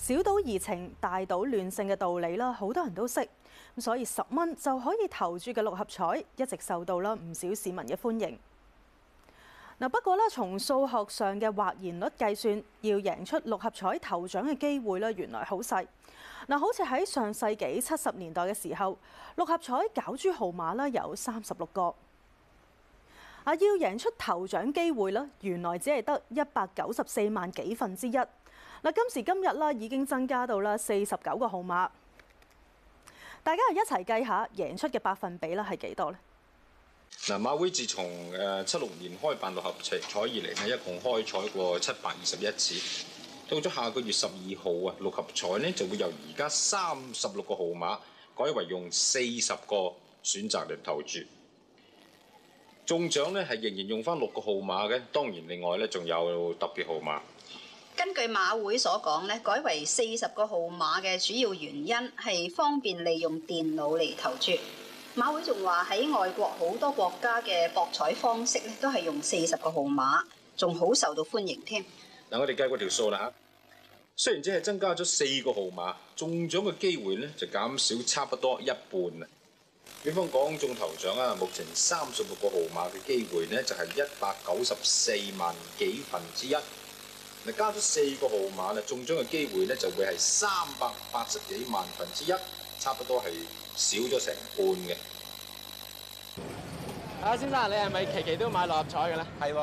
小賭怡情，大賭亂性嘅道理啦，好多人都識咁，所以十蚊就可以投注嘅六合彩一直受到啦唔少市民嘅歡迎嗱。不過咧，從數學上嘅或然率計算，要贏出六合彩頭獎嘅機會呢，原來好細嗱。好似喺上世紀七十年代嘅時候，六合彩攪珠號碼呢有三十六個啊，要贏出頭獎機會呢，原來只係得一百九十四萬幾分之一。嗱，今時今日啦，已經增加到啦四十九個號碼，大家係一齊計下贏出嘅百分比啦，係幾多咧？嗱，馬會自從誒七六年開辦六合彩以來咧，一共開彩過七百二十一次。到咗下個月十二號啊，六合彩咧就會由而家三十六個號碼改為用四十個選擇嚟投注，中獎咧係仍然用翻六個號碼嘅，當然另外咧仲有特別號碼。根據馬會所講咧，改為四十個號碼嘅主要原因係方便利用電腦嚟投注。馬會仲話喺外國好多國家嘅博彩方式咧，都係用四十個號碼，仲好受到歡迎添。嗱，我哋計過條數啦嚇，雖然只係增加咗四個號碼，中獎嘅機會咧就減少差不多一半啊。比方講中頭獎啊，目前三十六個號碼嘅機會咧就係一百九十四萬幾分之一。嗱，加咗四個號碼咧，中獎嘅機會咧就會係三百八十幾萬分之一，差不多係少咗成半嘅。啊，先生，你係咪期期都買六合彩嘅咧？係喎。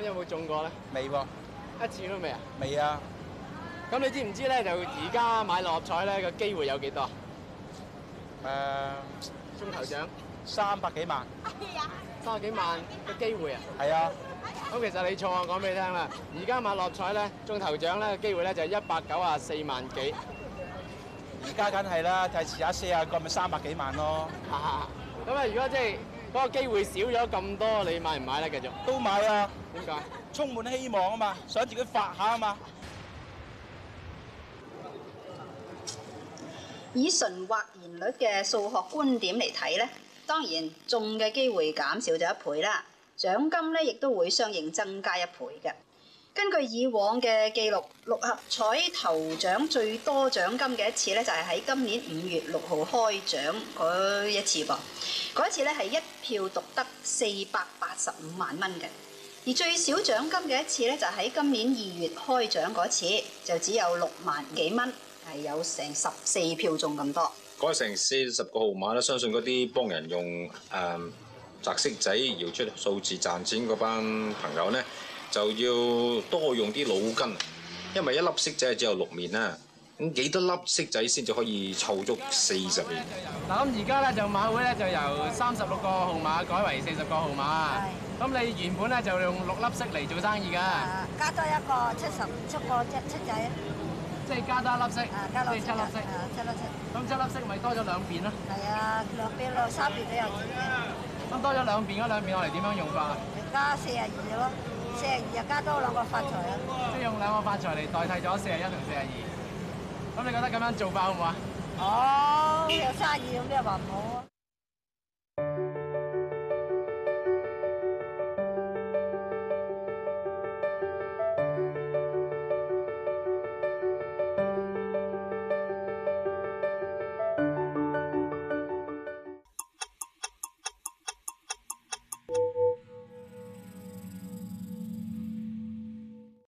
咁有冇中過咧？未喎。一次都未啊？未啊。咁你知唔知咧？就而家買六合彩咧個機會有幾多啊？誒，中頭獎。三百幾萬，三百幾萬嘅機會啊！係啊，咁其實你錯，我講俾你聽啦。而家買六合彩咧，中頭獎咧嘅機會咧就係一百九啊四萬幾。而家梗係啦，睇下遲下四啊個，咪三百幾萬咯。咁啊，如果即係嗰個機會少咗咁多，你買唔買咧？繼續都買啊！點解？充滿希望啊嘛，想自己發下啊嘛。以純或然率嘅數學觀點嚟睇咧。當然中嘅機會減少咗一倍啦，獎金咧亦都會相應增加一倍嘅。根據以往嘅記錄，六合彩頭獎最多獎金嘅一次咧就係喺今年五月六號開獎嗰一次噃，嗰一次咧係一票獨得四百八十五萬蚊嘅。而最少獎金嘅一次咧就係喺今年二月開獎嗰次，就只有六萬幾蚊，係有成十四票中咁多。改成四十個號碼啦，相信嗰啲幫人用誒擲、嗯、色仔搖出數字賺錢嗰班朋友咧，就要多用啲腦筋，因為一粒色仔只有六面啦，咁幾多粒色仔先至可以湊足四十面？嗱，咁而家咧就馬會咧就由三十六個號碼改為四十個號碼，咁的你原本咧就用六粒色嚟做生意㗎，加多一個七十七十個七七仔。即係加多一粒色，即係七粒色。咁七粒色咪多咗兩邊咯。係啊，兩邊咯，三邊都有錢。咁多咗兩邊嗰兩邊，我哋點樣用法？加四廿二咯，四廿二又加多兩個發財咯。即係用兩個發財嚟代替咗四廿一同四廿二。咁你覺得咁樣做法好唔好啊？哦，有生意咁，你又話唔好啊？